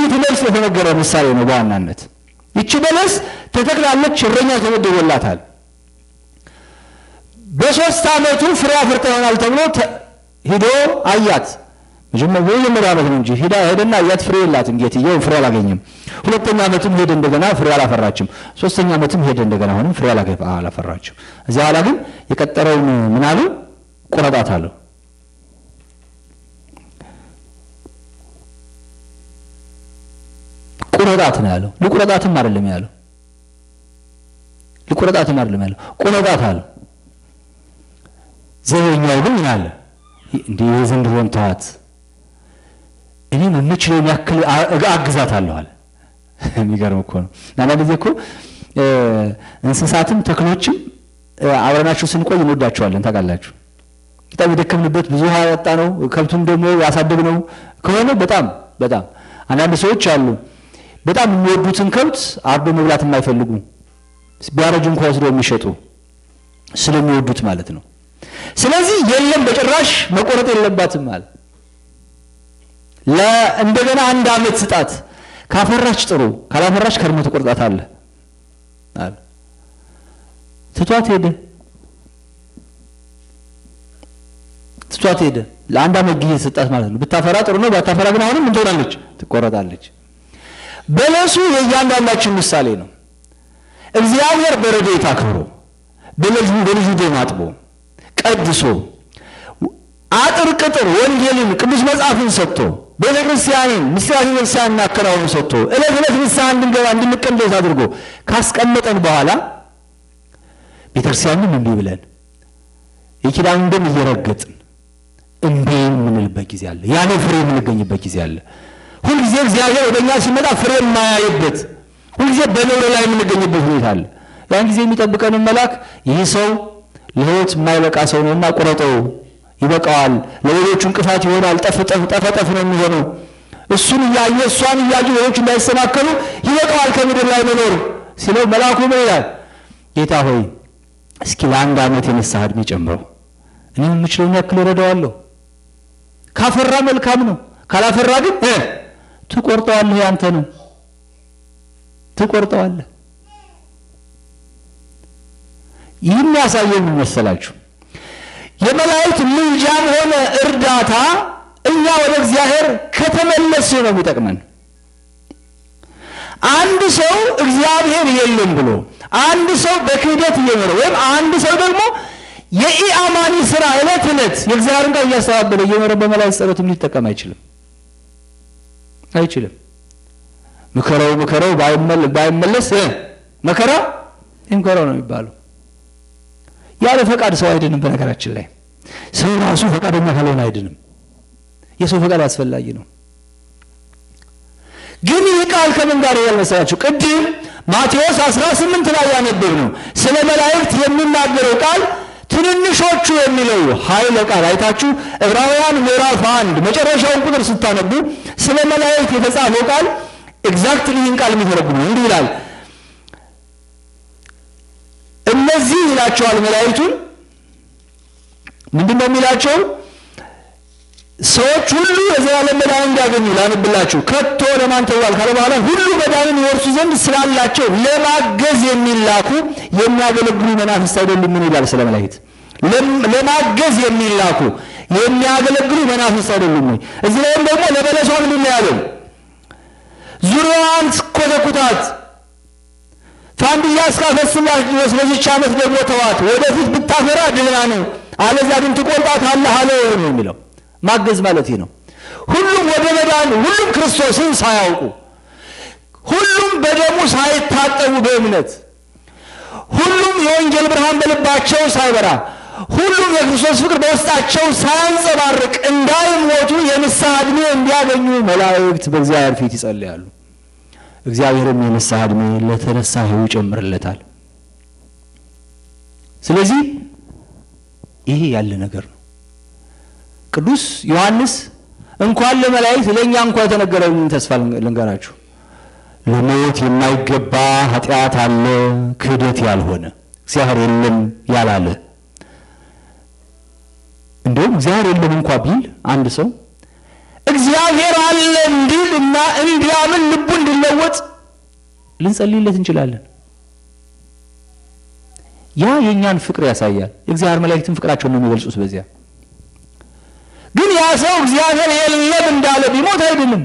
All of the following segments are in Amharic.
በትዕቢት ነፍስ የተነገረ ምሳሌ ነው። በዋናነት ይቺ በለስ ተተክላለች፣ እረኛ ተመድቦላታል። በሶስት ዓመቱ ፍሬ አፍርተናል ተብሎ ሂዶ አያት። መጀመሪያ ዓመት ነው እንጂ ሂዳ ሄደና አያት። ፍሬ የላትም ጌትዬው፣ ፍሬ አላገኘም። ሁለተኛ ዓመትም ሄደ እንደገና ፍሬ አላፈራችም። ሶስተኛ ዓመትም ሄደ እንደገና አሁንም ፍሬ አላፈራችም። እዚያ በኋላ ግን የቀጠረውን ምናሉ ቁረጣት አለው ቁረጣት ነው ያለው። ልቁረጣትም አይደለም ያለው። ልቁረጣትም አይደለም ያለው። ቁረጣት አለ። ዘበኛው ግን ምን አለ? እንዲህ የዘንድሮን ተዋት፣ እኔም የምችለውን ያክል አግዛታለሁ አለ። የሚገርም እኮ ነው። አንዳንድ ጊዜ እኮ እንስሳትም ተክሎችም አብረናቸው ስንቆይ እንወዳቸዋለን። ታውቃላችሁ፣ በጣም የደከምንበት ብዙ ውሃ ያወጣ ነው ከብቱም ደግሞ ያሳደግ ነው ከሆነ በጣም በጣም አንዳንድ ሰዎች አሉ በጣም የሚወዱትን ከብት አርዶ መብላት የማይፈልጉ ቢያረጁ እንኳ ወስዶ የሚሸጡ ስለሚወዱት ማለት ነው። ስለዚህ የለም በጭራሽ መቆረጥ የለባትም አለ። ለእንደገና አንድ አመት ስጣት፣ ካፈራች ጥሩ፣ ካላፈራች ከርሞ ተቆርጣት አለ ትቷት ሄደ ትቷት ሄደ። ለአንድ አመት ጊዜ ስጣት ማለት ነው። ብታፈራ ጥሩ ነው፣ ባታፈራ ግን አሁንም እንትሆናለች፣ ትቆረጣለች። በለሱ የእያንዳንዳችን ምሳሌ ነው። እግዚአብሔር በረዴት አክብሮ በልጁ በልጁ ደም አጥቦ ቀድሶ አጥር ቅጥር ወንጌልን ቅዱስ መጽሐፍን ሰጥቶ ቤተ ክርስቲያንን ምስራት ቤተክርስቲያን እናከናውኑ ሰጥቶ እለት ዕለት ንስሐ እንድንገባ እንድንቀደስ አድርጎ ካስቀመጠን በኋላ ቤተክርስቲያንም ክርስቲያንም ብለን የኪዳን ደም እየረገጥን እንዴ የምንልበት ጊዜ አለ። ያለ ፍሬ የምንገኝበት ጊዜ አለ። ሁልጊዜ እግዚአብሔር ወደ እኛ ሲመጣ ፍሬ የማያየበት ሁልጊዜ በነውር ላይ የምንገኝበት ሁኔታ አለ። ያን ጊዜ የሚጠብቀንን መልአክ ይህ ሰው ለህይወት የማይበቃ ሰው ነውና ቁረጠው፣ ይበቃዋል፣ ለሌሎቹ እንቅፋት ይሆናል፣ ጠፈጠፍ ነው የሚሆነው። እሱን እያየ እሷን እያዩ ሌሎች እንዳይሰናከሉ ይበቃዋል ከምድር ላይ መኖር ሲለው መልአኩ ምን ይላል? ጌታ ሆይ እስኪ ለአንድ ዓመት የንስሐ ዕድሜ ጨምረው፣ እኔ የምችለውን ያክል እረዳዋለሁ። ካፈራ መልካም ነው፣ ካላፈራ ግን ትቆርጠዋለህ ያንተ ነው ትቆርጠዋለህ ይህም ያሳየ ምን መሰላችሁ የመላእክት ምልጃም ሆነ እርዳታ እኛ ወደ እግዚአብሔር ከተመለስ ነው የሚጠቅመን አንድ ሰው እግዚአብሔር የለም ብሎ አንድ ሰው በክህደት እየኖረ ወይም አንድ ሰው ደግሞ የኢአማኒ ስራ እለት እለት የእግዚአብሔርን ቃል እያስተባበለ እየኖረ በመላእክት ጸሎትም ሊጠቀም አይችልም አይችልም። ምከረው ምከረው ባይመለስ መከራ ይምከረው ነው የሚባለው። ያለ ፈቃድ ሰው አይድንም። በነገራችን ላይ ሰው ራሱ ፈቃደኛ ካልሆነ አይድንም። የሰው ፈቃድ አስፈላጊ ነው። ግን ይህ ቃል ከምን ጋር ያልመሰላችሁ ቅድም ማቴዎስ 18 ላይ ያነበብ ነው ስለ መላእክት የሚናገረው ቃል ትንንሾቹ የሚለው ኃይለ ቃል አይታችሁ ዕብራውያን ምዕራፍ አንድ መጨረሻውን ቁጥር ስታነቡ ስለ መላእክት የተጻፈው ቃል ኤግዛክትሊ ይህን ቃል ነው እንዲህ ይላል። እነዚህ ይላቸዋል መላእክቱን ምንድን ነው የሚላቸው? ሰዎች ሁሉ የዘላለም መዳን እንዲያገኙ ላንብላቸው ከቶ ለማን ተዋል ካለ በኋላ ሁሉ መዳንን ይወርሱ ዘንድ ስላላቸው ለማገዝ የሚላኩ የሚያገለግሉ መናፍስት ምን ይላል ስለ መላእክት ለማገዝ የሚላኩ የሚያገለግሉ መናፍስ አይደሉም ወይ? እዚህ ላይም ደግሞ ለበለሷ ምንድን ነው ያለው? ዙሪያዋን ስኮተኩታት ፋንድያ እስካፈስላሽ ድረስ በዚች ዓመት ደግሞ ተዋት። ወደፊት ብታፈራ ድህና ነው፣ አለዚያ ግን ትቆርጣታለህ አለ ነው የሚለው። ማገዝ ማለት ነው። ሁሉም ወደ መዳን ሁሉም ክርስቶስን ሳያውቁ ሁሉም በደሙ ሳይታጠቡ በእምነት ሁሉም የወንጌል ብርሃን በልባቸው ሳይበራ ሁሉም የክርስቶስ ፍቅር በውስጣቸው ሳያንጸባርቅ እንዳይሞቱ የንስሐ ዕድሜ እንዲያገኙ መላእክት በእግዚአብሔር ፊት ይጸልያሉ። እግዚአብሔርም የንስሐ ዕድሜ ለተነሳው ይጨምርለታል። ስለዚህ ይሄ ያለ ነገር ነው። ቅዱስ ዮሐንስ እንኳን ለመላእክት ለእኛ እንኳ የተነገረልን ተስፋ ልንገራችሁ። ለሞት የማይገባ ኃጢአት አለ ክህደት ያልሆነ እግዚአብሔር የለም ያላለ እንዲሁም እግዚአብሔር የለም እንኳ ቢል አንድ ሰው እግዚአብሔር አለ እንዲል እና እንዲያምን ልቡ እንዲለወጥ ልንጸልይለት እንችላለን። ያ የእኛን ፍቅር ያሳያል። የእግዚአብሔር መላእክትን ፍቅራቸውን ነው የሚገልጹት። በዚያ ግን ያ ሰው እግዚአብሔር የለም እንዳለ ቢሞት አይድንም።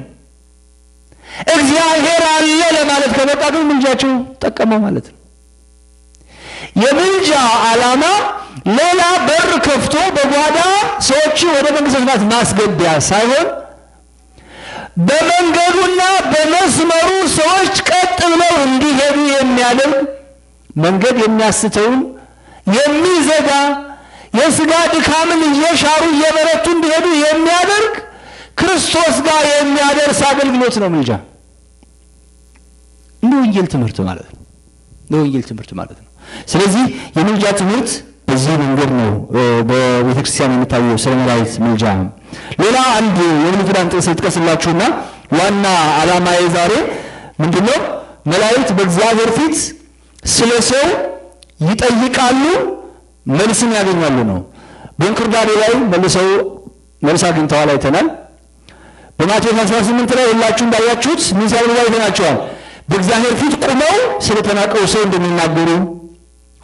እግዚአብሔር አለ ለማለት ከበቃ ግን ምልጃቸው ጠቀመው ማለት ነው። የምልጃ አላማ ሌላ በር ከፍቶ በጓዳ ሰዎች ወደ መንግስተ ሰማያት ማስገቢያ ሳይሆን በመንገዱና በመስመሩ ሰዎች ቀጥ ብለው እንዲሄዱ የሚያደርግ መንገድ የሚያስተውን የሚዘጋ የስጋ ድካምን እየሻሩ እየበረቱ እንዲሄዱ የሚያደርግ ክርስቶስ ጋር የሚያደርስ አገልግሎት ነው ምልጃ። እንደ ወንጌል ትምህርት ማለት ነው። እንደ ወንጌል ትምህርት ማለት ነው። ስለዚህ የምልጃ ትምህርት በዚህ መንገድ ነው በቤተክርስቲያን የሚታየው ስለመላይት ምልጃ። ሌላ አንድ የብሉይ ኪዳን ጥቅስ ልጥቀስላችሁና ዋና አላማ ዛሬ ምንድነው? መላይት በእግዚአብሔር ፊት ስለ ሰው ይጠይቃሉ፣ መልስም ያገኛሉ ነው። በእንክርዳዴ ላይ መልሰው መልስ አግኝተዋል አይተናል። በማቴዎስ 18 ላይ ሁላችሁ እንዳያችሁት ምን ሲያብሉ አይተናቸዋል። በእግዚአብሔር ፊት ቁመው ስለተናቀው ሰው እንደሚናገሩ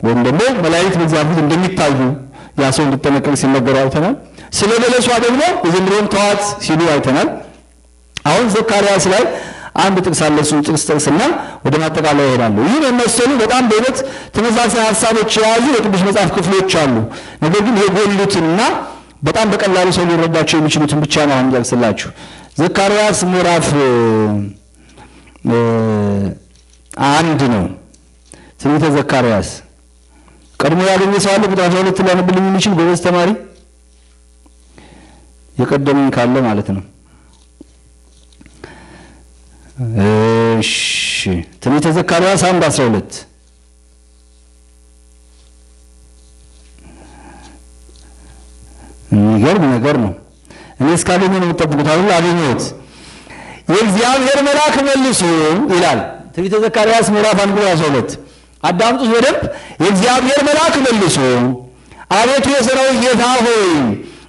ወይም ደግሞ መላእክት በዚያ ፊት እንደሚታዩ ያ ሰው እንዲጠነቀቅ ሲነገሩ አይተናል። ስለ በለሷ ደግሞ የዘንድሮም ተዋት ሲሉ አይተናል። አሁን ዘካርያስ ላይ አንድ ጥቅስ አለ። እሱን ጥቅስ ጠቅስና ወደ ማጠቃለያ ይሄዳሉ ይህን የመሰሉ በጣም በእውነት ተመሳሳይ ሀሳቦች የያዙ የቅዱስ መጽሐፍ ክፍሎች አሉ። ነገር ግን የጎሉትና በጣም በቀላሉ ሰው ሊረዳቸው የሚችሉትን ብቻ ነው አሁን እጠቅስላችሁ። ዘካርያስ ምዕራፍ አንድ ነው ትንቢተ ዘካርያስ ቀድሞ ያገኘ ሰው አለ ቁጥር 12 ሊያነብልኝ የሚችል ጎበዝ ተማሪ የቀደመኝ ካለ ማለት ነው። እሺ ትንቢተ ዘካርያስ አንድ 12 የሚገርም ነገር ነው። እኔ እስካገኘ ነው የምጠብቁት። አሁን አገኘሁት። የእግዚአብሔር መልአክ መልሶ ይላል ትንቢተ ዘካርያስ ምዕራፍ አንድ ቁጥር 12 አዳምጡት በደንብ። የእግዚአብሔር መልአክ መልሶ አቤቱ የሠራዊት ጌታ ሆይ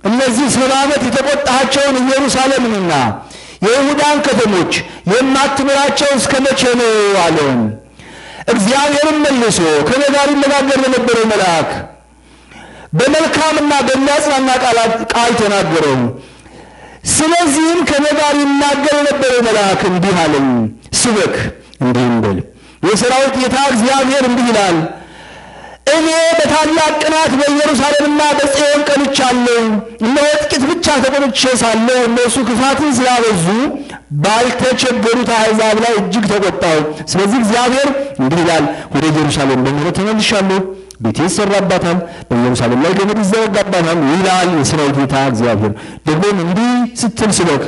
እነዚህ ሰባ ዓመት የተቆጣሃቸውን ኢየሩሳሌምንና የይሁዳን ከተሞች የማትምራቸው እስከ መቼ ነው አለው። እግዚአብሔርም መልሶ ከኔ ጋር ይነጋገር ለነበረው መልአክ በመልካምና በሚያጽናና ቃል ተናገረው። ስለዚህም ከኔ ጋር ይናገር የነበረው መልአክ እንዲህ አለኝ፣ ስበክ እንዲህም በል የሰራዊት ጌታ እግዚአብሔር እንዲህ ይላል፣ እኔ በታላቅ ቅናት በኢየሩሳሌምና በጽዮን ቀንቻለሁ። እነሆ ጥቂት ብቻ ተቆጥቼ ሳለሁ እነሱ ክፋትን ስላበዙ ባልተቸገሩት አሕዛብ ላይ እጅግ ተቆጣሁ። ስለዚህ እግዚአብሔር እንዲህ ይላል፣ ወደ ኢየሩሳሌም በምህረት ተመልሻለሁ፣ ቤት ይሰራባታል፣ በኢየሩሳሌም ላይ ገመድ ይዘረጋባታል ይላል የሰራዊት ጌታ እግዚአብሔር። ደግሞም እንዲህ ስትል ስበክ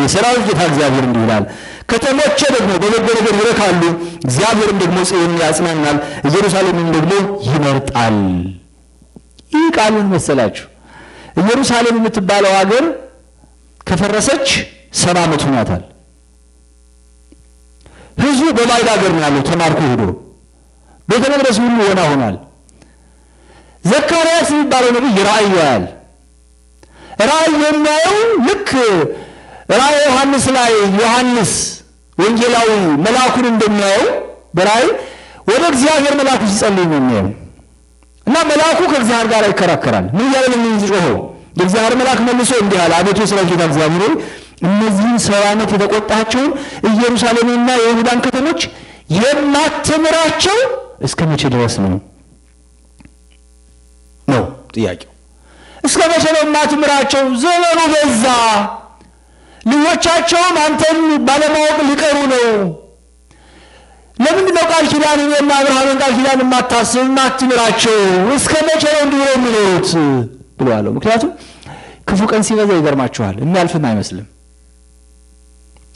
የሰራዊት ጌታ እግዚአብሔር እንዲህ ይላል፣ ከተሞቼ ደግሞ በበጎ ነገር ይረካሉ፣ እግዚአብሔርም ደግሞ ጽዮንን ያጽናናል፣ ኢየሩሳሌምም ደግሞ ይመርጣል። ይህ ቃሉን መሰላችሁ? ኢየሩሳሌም የምትባለው አገር ከፈረሰች ሰባ ዓመት ሆኗታል። ህዝቡ በባዕድ አገር ነው ያለው ተማርኮ ሄዶ ቤተ መቅደስ ሁሉ ወና ሆኗል። ዘካርያስ የሚባለው ነቢይ ራእይ ያያል። ራእይ የሚያየው ልክ ራእየ ዮሐንስ ላይ ዮሐንስ ወንጌላዊ መልአኩን እንደሚያየው በራእይ ወደ እግዚአብሔር መልአኩ ሲጸልይ ነው የሚያየው እና መልአኩ ከእግዚአብሔር ጋር ይከራከራል። ምን እያለ ነው የሚጮኸው? የእግዚአብሔር መልአክ መልሶ እንዲህ አለ፣ አቤቱ የሠራዊት ጌታ እግዚአብሔር ሆይ እነዚህን ሰባ ዓመት የተቆጣቸውን ኢየሩሳሌምንና የይሁዳን ከተሞች የማትምራቸው እስከ መቼ ድረስ ነው ነው ጥያቄው። እስከ መቼ ነው የማትምራቸው? ዘመኑ በዛ ልጆቻቸውም አንተን ባለማወቅ ሊቀሩ ነው። ለምንድን ነው ቃል ኪዳን እና አብርሃምን ቃል ኪዳን የማታስብ ማትምራቸው? እስከ መቼ ነው እንዲሁ የሚሉት ብሎ አለው። ምክንያቱም ክፉ ቀን ሲበዛ ይገርማችኋል፣ የሚያልፍም አይመስልም።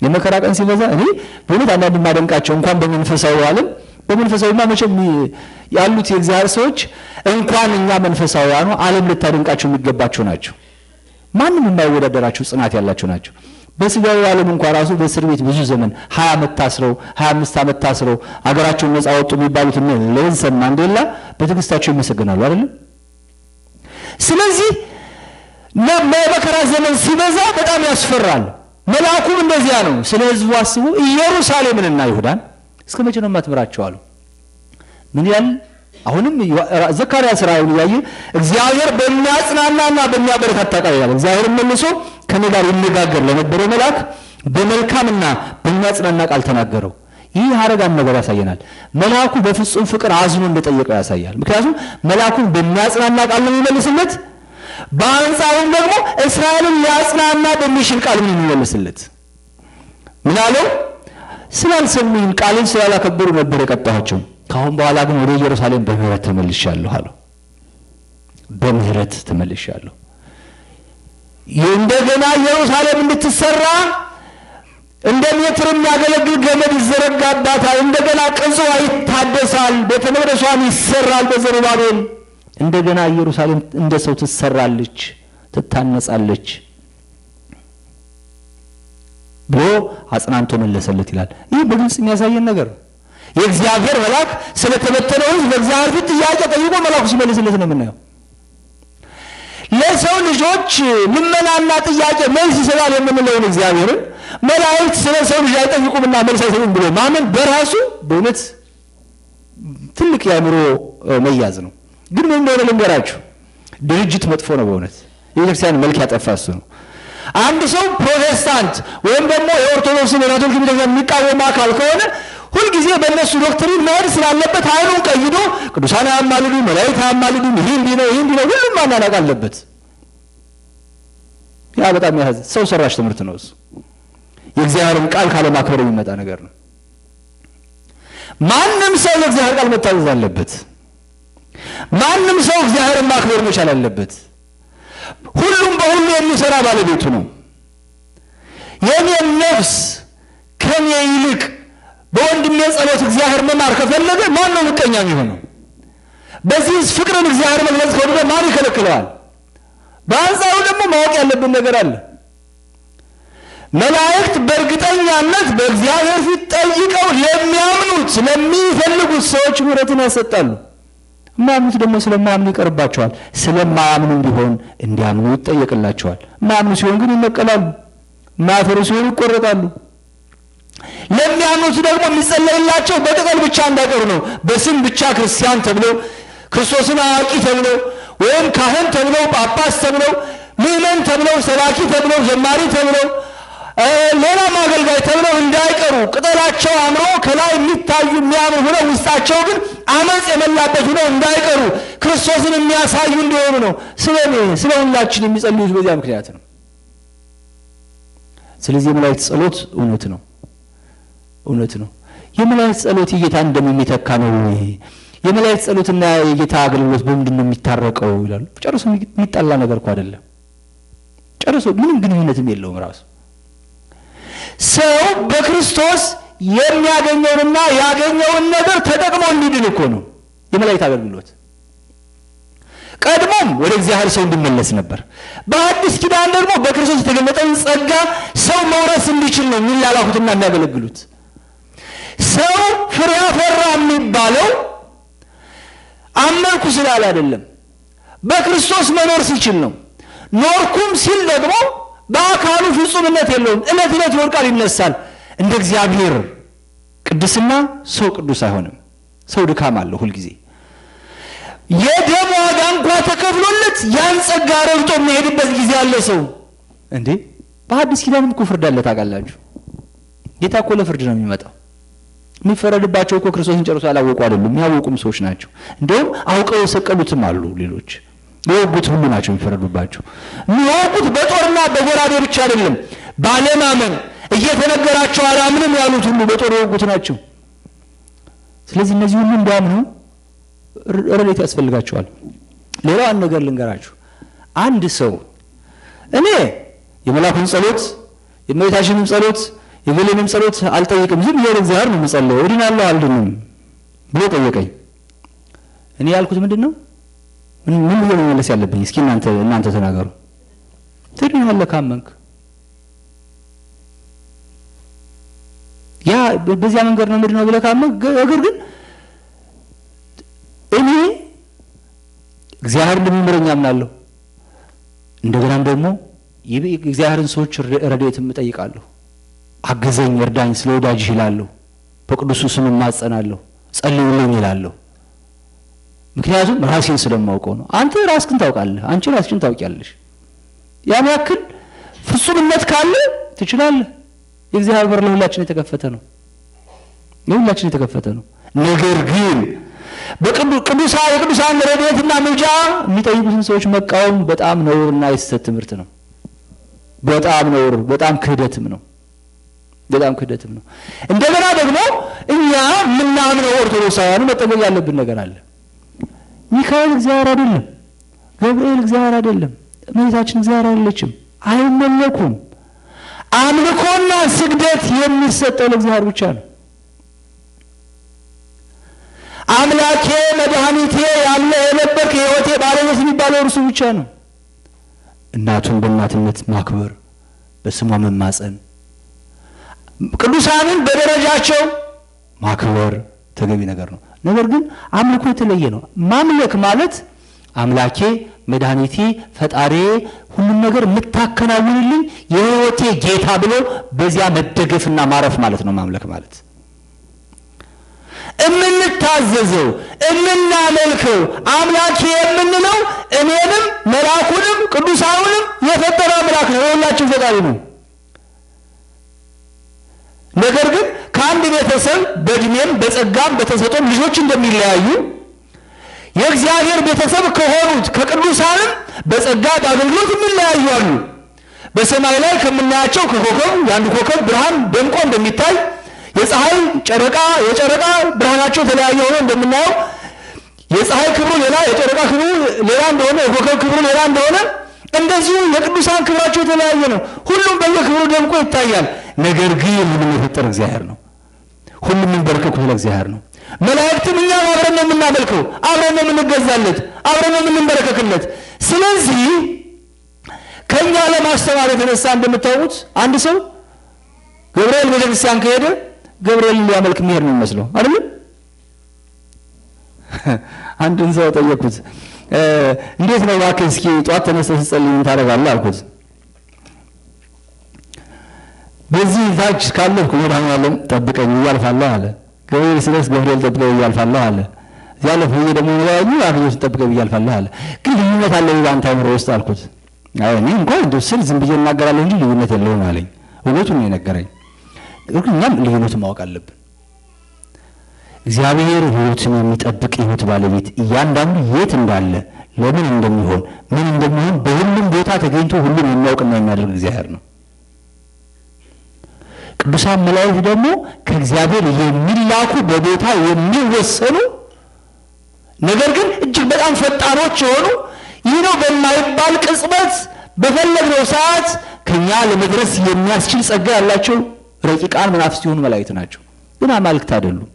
የመከራ ቀን ሲበዛ እኔ በእውነት አንዳንድ የማደንቃቸው እንኳን በመንፈሳዊ ዓለም በመንፈሳዊማ መቼም ያሉት የእግዚአብሔር ሰዎች እንኳን እኛ መንፈሳውያኑ ዓለም ልታደንቃቸው የሚገባቸው ናቸው። ማንም የማይወዳደራቸው ጽናት ያላቸው ናቸው። በስጋዊ ዓለም እንኳ ራሱ በእስር ቤት ብዙ ዘመን ሀያ ዓመት ታስረው ሀያ አምስት ዓመት ታስረው አገራቸውን ነጻ ወጡ የሚባሉት ኔልሰን ማንዴላ በትግስታቸው ይመሰገናሉ አይደለም። ስለዚህ መከራ ዘመን ሲበዛ በጣም ያስፈራል። መልአኩም እንደዚያ ነው። ስለ ህዝቡ አስቡ፣ ኢየሩሳሌምንና ይሁዳን እስከ መቼ ነው የማትምራቸው አሉ። ምን ያል አሁንም ዘካርያስ ራእዩን እያየ እግዚአብሔር በሚያጽናናና በሚያበረታታ ቃል ይላል እግዚአብሔር መልሶ ከእኔ ጋር ይነጋገር ለነበረው መልአክ በመልካምና በሚያጽናና ቃል ተናገረው። ይህ አረጋን ነገር ያሳየናል። መልአኩ በፍጹም ፍቅር አዝኖ እንደጠየቀው ያሳያል። ምክንያቱም መልአኩን በሚያጽናና ቃል ነው የሚመልስለት። በአንጻሩም ደግሞ እስራኤልን ሊያጽናና በሚሽል ቃል ነው የሚመልስለት። ምናለው ስላልሰሙኝ ቃልን ስላላከበሩ ነበር የቀጣኋቸው። ከአሁን በኋላ ግን ወደ ኢየሩሳሌም በምህረት ተመልሻለሁ አለው። በምህረት ተመልሻለሁ። እንደገና ኢየሩሳሌም እንድትሰራ እንደ ሜትር የሚያገለግል ገመድ ይዘረጋባታል። እንደገና ቅጽዋ ይታደሳል፣ ቤተ መቅደሷም ይሰራል። በዘሩባቤል እንደገና ኢየሩሳሌም እንደ ሰው ትሰራለች፣ ትታነጻለች ብሎ አጽናንቶ መለሰለት ይላል። ይህ በግልጽ የሚያሳየን ነገር የእግዚአብሔር መልአክ ስለተበተነው ሕዝብ በእግዚአብሔር ፊት ጥያቄ ጠይቆ መልአኩ ሲመልስለት ነው የምናየው። ለሰው ልጆች ልመናና ጥያቄ መልስ ይሰጣል የምንለውን እግዚአብሔርን መላእክት ስለ ሰው ልጅ አይጠይቁምና መልስ አይሰጡም ብሎ ማመን በራሱ በእውነት ትልቅ የአእምሮ መያዝ ነው። ግን ምን እንደሆነ ልንገራችሁ። ድርጅት መጥፎ ነው። በእውነት የቤተክርስቲያን መልክ ያጠፋ እሱ ነው። አንድ ሰው ፕሮቴስታንት ወይም ደግሞ የኦርቶዶክስን የካቶሊክ ቤተክርስቲያን የሚቃወም አካል ከሆነ ሁልጊዜ በእነሱ ዶክትሪን መሄድ ስላለበት አይኑን ቀይዶ ቅዱሳን አያማልዱ፣ መላእክት አያማልዱ፣ ይህ እንዲህ ነው፣ ይህ እንዲህ ነው፣ ሁሉም ማናናቅ አለበት። ያ በጣም ያዝ ሰው ሰራሽ ትምህርት ነው። እሱ የእግዚአብሔርን ቃል ካለማክበር የሚመጣ ነገር ነው። ማንም ሰው ለእግዚአብሔር ቃል መታዘዝ አለበት። ማንም ሰው እግዚአብሔርን ማክበር መቻል አለበት። ሁሉም በሁሉ የሚሰራ ባለቤቱ ነው። የኔን ነፍስ ከኔ ይልቅ በወንድሜ ጸሎት እግዚአብሔር መማር ከፈለገ ማን ነው ምቀኛ የሚሆነው? በዚህ ፍቅርን እግዚአብሔር መግለጽ ከሆነ ማን ይከለክለዋል? በአንጻሩ ደግሞ ማወቅ ያለብን ነገር አለ። መላእክት በእርግጠኛነት በእግዚአብሔር ፊት ጠይቀው ለሚያምኑት ለሚፈልጉት ሰዎች ምረትን ያሰጣሉ። ማምኑት ደግሞ ስለማያምኑ ይቀርባቸዋል። ስለማያምኑ እንዲሆን እንዲያምኑ ይጠየቅላቸዋል። ማምኑ ሲሆን ግን ይመቀላሉ ማፈሩ ሲሆን ይቆረጣሉ። ለሚያምኑት ደግሞ የሚጸለይላቸው በቅጠል ብቻ እንዳይቀሩ ነው። በስም ብቻ ክርስቲያን ተብለው ክርስቶስን አዋቂ ተብለው ወይም ካህን ተብለው ጳጳስ ተብለው ምዕመን ተብለው ሰባኪ ተብለው ዘማሪ ተብለው ሌላም አገልጋይ ተብለው እንዳይቀሩ ቅጠላቸው አምሮ ከላይ የሚታዩ የሚያምር ሁነ ውስጣቸው ግን አመፅ የመላበት ሁነ እንዳይቀሩ ክርስቶስን የሚያሳዩ እንዲሆኑ ነው። ስለ ስለ ሁላችን የሚጸልዩት በዚያ ምክንያት ነው። ስለዚህ የመላእክት ጸሎት እውነት ነው። እውነት ነው። የመላእክት ጸሎት የጌታን ደም የሚተካ ነው ወይ? የመላእክት ጸሎትና የጌታ አገልግሎት በምንድን ነው የሚታረቀው ይላሉ። ጨርሶ የሚጣላ ነገር እኮ አይደለም። ጨርሶ ምንም ግንኙነትም የለውም። ራሱ ሰው በክርስቶስ የሚያገኘውንና ያገኘውን ነገር ተጠቅሞ እንዲድል እኮ ነው የመላእክት አገልግሎት። ቀድሞም ወደ እግዚአብሔር ሰው እንድመለስ ነበር። በአዲስ ኪዳን ደግሞ በክርስቶስ የተገለጠውን ጸጋ ሰው መውረስ እንዲችል ነው የሚላላኩትና የሚያገለግሉት። ሰው ፍሬ አፈራ የሚባለው አመንኩ ስላል አይደለም፣ በክርስቶስ መኖር ሲችል ነው። ኖርኩም ሲል ደግሞ በአካሉ ፍጹምነት የለውም። እለት እለት ይወድቃል፣ ይነሳል። እንደ እግዚአብሔር ቅድስና ሰው ቅዱስ አይሆንም። ሰው ድካም አለው ሁልጊዜ የደም ዋጋ እንኳ ተከፍሎለት ያን ጸጋ ረብጦ የሚሄድበት ጊዜ አለ። ሰው እንዴ በአዲስ ኪዳንም እኮ ፍርድ አለ ታውቃላችሁ። ጌታ እኮ ለፍርድ ነው የሚመጣው። የሚፈረድባቸው እኮ ክርስቶስን ጨርሶ ያላወቁ አይደሉም፣ የሚያወቁም ሰዎች ናቸው። እንዲሁም አውቀው የሰቀሉትም አሉ። ሌሎች የወጉት ሁሉ ናቸው የሚፈረዱባቸው። የሚወጉት በጦርና በጎራዴ ብቻ አይደለም፣ ባለማመን እየተነገራቸው አላምንም ያሉት ሁሉ በጦር የወጉት ናቸው። ስለዚህ እነዚህ ሁሉ እንዲያምኑ ረሌት ያስፈልጋቸዋል። ሌላው አንድ ነገር ልንገራችሁ። አንድ ሰው እኔ የመላኩን ጸሎት የእመቤታችንን ጸሎት የገሌንም ጸሎት አልጠየቅም ዝም ብዬ እግዚአብሔር ነው የምጸልየው። እድናለሁ አልድንም ብሎ ጠየቀኝ። እኔ ያልኩት ምንድን ነው? ምን ብዬ መመለስ ያለብኝ? እስኪ እናንተ እናንተ ተናገሩ። ትድናለህ ካመንክ። ያ በዚያ መንገድ ነው ምንድን ነው ካመንክ። እግር ግን እኔ እግዚአብሔር እንደሚምረኝ አምናለሁ። እንደገናም ደግሞ እግዚአብሔርን ሰዎች ረድኤትም እጠይቃለሁ። አግዘኝ፣ እርዳኝ፣ ስለ ወዳጅህ ይላለሁ፣ በቅዱሱ ስም እማጸናለሁ፣ ጸልዩልኝ ይላለሁ። ምክንያቱም ራሴን ስለማውቀው ነው። አንተ ራስክን ታውቃለህ፣ አንቺ ራስችን ታውቂያለሽ። ያን ያክል ፍጹምነት ካለ ትችላለህ። የእግዚአብሔር ለሁላችን የተከፈተ ነው። ለሁላችን የተከፈተ ነው። ነገር ግን በቅዱሳ የቅዱሳን ረድኤትና ምልጃ የሚጠይቁትን ሰዎች መቃወም በጣም ነውርና የስህተት ትምህርት ነው። በጣም ነውር፣ በጣም ክህደትም ነው። በጣም ክደትም ነው። እንደገና ደግሞ እኛ የምናምነው ኦርቶዶክሳውያኑ መጠንቀቅ ያለብን ነገር አለ። ሚካኤል እግዚአብሔር አይደለም፣ ገብርኤል እግዚአብሔር አይደለም፣ እመቤታችን እግዚአብሔር አይደለችም፣ አይመለኩም። አምልኮና ስግደት የሚሰጠው ለእግዚአብሔር ብቻ ነው። አምላኬ መድኃኒቴ ያለ የነበርክ የሕይወቴ ባለቤት የሚባለው እርሱ ብቻ ነው። እናቱን በእናትነት ማክበር፣ በስሟ መማፀን ቅዱሳንን በደረጃቸው ማክበር ተገቢ ነገር ነው። ነገር ግን አምልኮ የተለየ ነው። ማምለክ ማለት አምላኬ፣ መድኃኒቴ፣ ፈጣሬ፣ ሁሉም ነገር የምታከናውንልኝ የህይወቴ ጌታ ብሎ በዚያ መደገፍና ማረፍ ማለት ነው። ማምለክ ማለት እምንታዘዘው እምናመልከው አምላኬ የምንለው እኔንም መልአኩንም ቅዱሳኑንም የፈጠረ አምላክ ነው። የሁላችን ፈጣሪ ነው። ነገር ግን ከአንድ ቤተሰብ በእድሜም በጸጋም በተሰጦም ልጆች እንደሚለያዩ የእግዚአብሔር ቤተሰብ ከሆኑት ከቅዱሳንም በጸጋ በአገልግሎት የሚለያዩ አሉ። በሰማይ ላይ ከምናያቸው ከኮከብ የአንድ ኮከብ ብርሃን ደምቆ እንደሚታይ የፀሐይ ጨረቃ የጨረቃ ብርሃናቸው የተለያየ ሆኖ እንደምናየው የፀሐይ ክብሩ ሌላ የጨረቃ ክብሩ ሌላ እንደሆነ የኮከብ ክብሩ ሌላ እንደሆነ እንደዚሁ የቅዱሳን ክብራቸው የተለያየ ነው። ሁሉም በየክብሩ ደምቆ ይታያል። ነገር ግን ሁሉም የፈጠረ እግዚአብሔር ነው። ሁሉም የሚንበረከኩት ለእግዚአብሔር ነው። መላእክትም እኛም አብረን ነው የምናመልከው፣ አብረን ነው የምንገዛለት፣ አብረን ነው የምንበረከክለት። ስለዚህ ከእኛ ለማስተማር የተነሳ እንደምታውቁት አንድ ሰው ገብርኤል ቤተ ከሄደ ገብርኤል ሊያመልክ የሚሄድ ነው የሚመስለው አይደለም። አንድን ሰው ጠየቅኩት፣ እንዴት ነው እባክህ እስኪ ጧት ተነስተህ ስትጸልይ ምን ታደርጋለህ አልኩት። በዚህ ታች ካለፍኩ መድኃኔዓለም ጠብቀኝ እያልፋለሁ አለ። ገብርኤል ሲደርስ ገብርኤል ጠብቀኝ እያልፋለሁ አለ። እዚያ ለፍ ደግሞ ያዩ አብዮስ ጠብቀኝ እያልፋለሁ አለ። ግን ልዩነት አለ በአንተ አእምሮ ውስጥ አልኩት። አይ እኔ እንኳን እንደ ስል ዝም ብዬ እናገራለሁ እንጂ ልዩነት የለውም አለኝ። እውነቱን ነው የነገረኝ። እኛም ልዩነቱን ማወቅ አለብን። እግዚአብሔር ሕይወትን የሚጠብቅ ህይወት ባለቤት እያንዳንዱ የት እንዳለ ለምን እንደሚሆን ምን እንደሚሆን በሁሉም ቦታ ተገኝቶ ሁሉም የሚያውቅና የሚያደርግ እግዚአብሔር ነው። ቅዱሳን መላእክት ደግሞ ከእግዚአብሔር የሚላኩ በቦታ የሚወሰኑ ነገር ግን እጅግ በጣም ፈጣኖች የሆኑ ይህ ነው በማይባል ቅጽበት በፈለግነው ሰዓት ከኛ ለመድረስ የሚያስችል ጸጋ ያላቸው ረቂቃን መናፍስ ሲሆኑ መላእክት ናቸው። ግን አማልክት አይደሉም።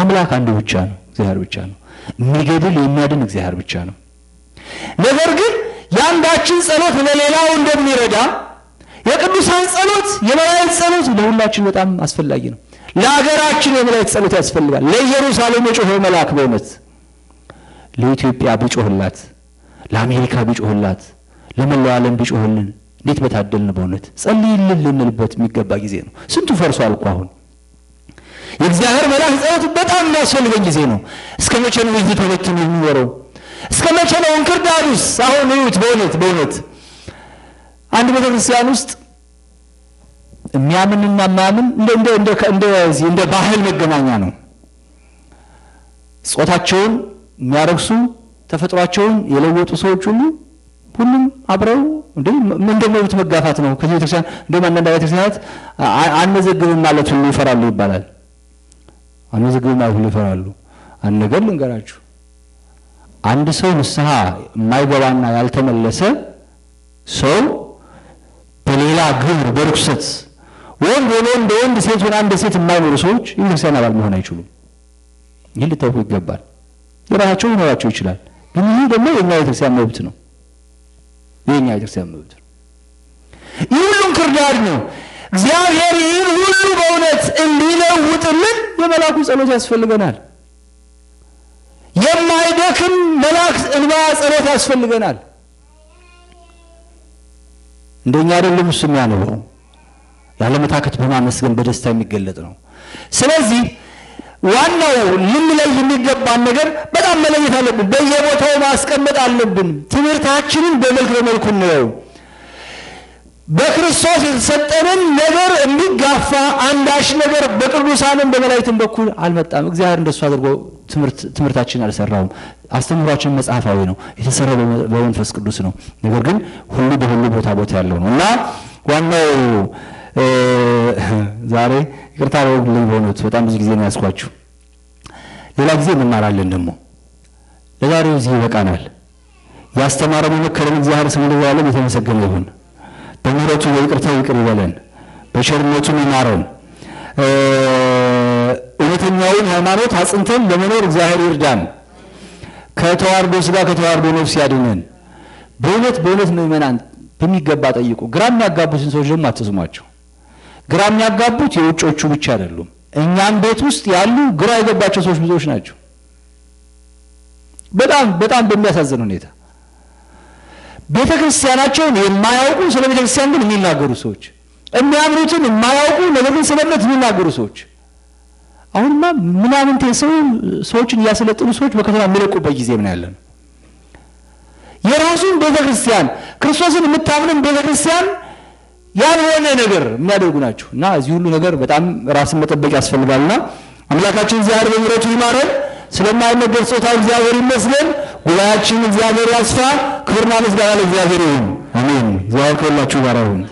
አምላክ አንዱ ብቻ ነው፣ እግዚአብሔር ብቻ ነው። የሚገድል የሚያድን እግዚአብሔር ብቻ ነው። ነገር ግን የአንዳችን ጸሎት ለሌላው እንደሚረዳ የቅዱሳን ጸሎት የመላእክት ጸሎት ለሁላችን በጣም አስፈላጊ ነው። ለሀገራችን የመላእክት ጸሎት ያስፈልጋል። ለኢየሩሳሌም የጮኸው መልአክ በእውነት ለኢትዮጵያ ብጮህላት፣ ለአሜሪካ ብጮህላት፣ ለመላው ዓለም ብጮህልን እንዴት በታደልን በእውነት ጸልይልን ልንልበት የሚገባ ጊዜ ነው። ስንቱ ፈርሷል እኮ አሁን። የእግዚአብሔር መልአክ ጸሎት በጣም የሚያስፈልገን ጊዜ ነው። እስከ መቼ ነው ይህ ሆነትን የሚኖረው? እስከ መቼ ነው እንክርዳዱስ? አሁን እዩት በእውነት በእውነት አንድ ቤተ ክርስቲያን ውስጥ የሚያምንና ማምን እንደ እንደ እንደ እንደ እንደ ባህል መገናኛ ነው። ጾታቸውን የሚያረግሱ ተፈጥሯቸውን የለወጡ ሰዎች ሁሉ ሁሉም አብረው እንደ ምን መብት መጋፋት ነው። ከዚህ ቤተክርስቲያን እንደ አንዳንድ ቤተክርስቲያናት አንመዘግብም ማለት ሁሉ ይፈራሉ ይባላል። አንመዘግብም ማለት ሁሉ ይፈራሉ። አንድ ነገር ልንገራችሁ። አንድ ሰው ንስሐ የማይገባና ያልተመለሰ ሰው በሌላ ግብር በርኩሰት ወንድ ሆኖ እንደ ወንድ ሴት ሆና እንደ ሴት የማይኖሩ ሰዎች የቤተክርስቲያን አባል መሆን አይችሉም። ይህን ልታውቁ ይገባል። የራሳቸው ሊኖራቸው ይችላል፣ ግን ይህ ደግሞ የኛ ቤተክርስቲያን መብት ነው። የኛ ቤተክርስቲያን መብት ነው። ይህ ሁሉም ክርዳድ ነው። እግዚአብሔር ይህን ሁሉ በእውነት እንዲለውጥልን የመላኩ ጸሎት ያስፈልገናል። የማይደክም መላክ እንባ ጸሎት ያስፈልገናል። እንደኛ አይደለም እሱ የሚያነበው ያለመታከት በማመስገን በደስታ የሚገለጥ ነው ስለዚህ ዋናው ልንለይ የሚገባን ነገር በጣም መለየት አለብን በየቦታው ማስቀመጥ አለብን ትምህርታችንን በመልክ በመልኩ እንለው በክርስቶስ የተሰጠንን ነገር የሚጋፋ አንዳሽ ነገር በቅዱሳንም በመላይትን በኩል አልመጣም እግዚአብሔር እንደሱ አድርጎ ትምህርታችን አልሰራውም። አስተምህሯችን መጽሐፋዊ ነው፣ የተሰራው በመንፈስ ቅዱስ ነው። ነገር ግን ሁሉ በሁሉ ቦታ ቦታ ያለው ነው እና ዋናው ዛሬ ይቅርታ አድርጉልኝ፣ በሆኑት በጣም ብዙ ጊዜ ነው ያስኳችሁ። ሌላ ጊዜ እንማራለን ደግሞ ለዛሬው እዚህ ይበቃናል። ያስተማረ መመከረን እግዚአብሔር ስም ለዘላለም የተመሰገነ ይሁን። በምረቱ በይቅርታው ይቅር ይበለን፣ በቸርነቱ ይማረን። እውነተኛውን ሃይማኖት አጽንተን ለመኖር እግዚአብሔር ይርዳን። ከተዋርዶ ስጋ ከተዋርዶ ነፍስ ያድነን። በእውነት በእውነት ምእመናን በሚገባ ጠይቁ። ግራ የሚያጋቡትን ሰዎች ደግሞ አትስሟቸው። ግራ የሚያጋቡት የውጮቹ ብቻ አይደሉም። እኛም ቤት ውስጥ ያሉ ግራ የገባቸው ሰዎች ብዙዎች ናቸው። በጣም በጣም በሚያሳዝን ሁኔታ ቤተ ክርስቲያናቸውን የማያውቁ ስለ ቤተ ክርስቲያን ግን የሚናገሩ ሰዎች፣ የሚያምሩትን የማያውቁ ነገር ግን ስለ እምነት የሚናገሩ ሰዎች አሁንማ ምናምንቴ ሰው ሰዎችን እያሰለጠኑ ሰዎች በከተማ የሚለቁበት ጊዜም ምን ያለን። የራሱን ቤተ ክርስቲያን ክርስቶስን የምታምንን ቤተ ክርስቲያን ያልሆነ ነገር የሚያደርጉ ናቸው እና እዚህ ሁሉ ነገር በጣም ራስን መጠበቅ ያስፈልጋልና አምላካችን እግዚአብሔር በምረቱ ይማረን። ስለማይነገር ጾታው እግዚአብሔር ይመስገን። ጉባኤያችን እግዚአብሔር ያስፋ። ክብርና ምስጋና ለእግዚአብሔር ይሁን። አሜን። እግዚአብሔር ከሁላችሁ ጋር ይሁን።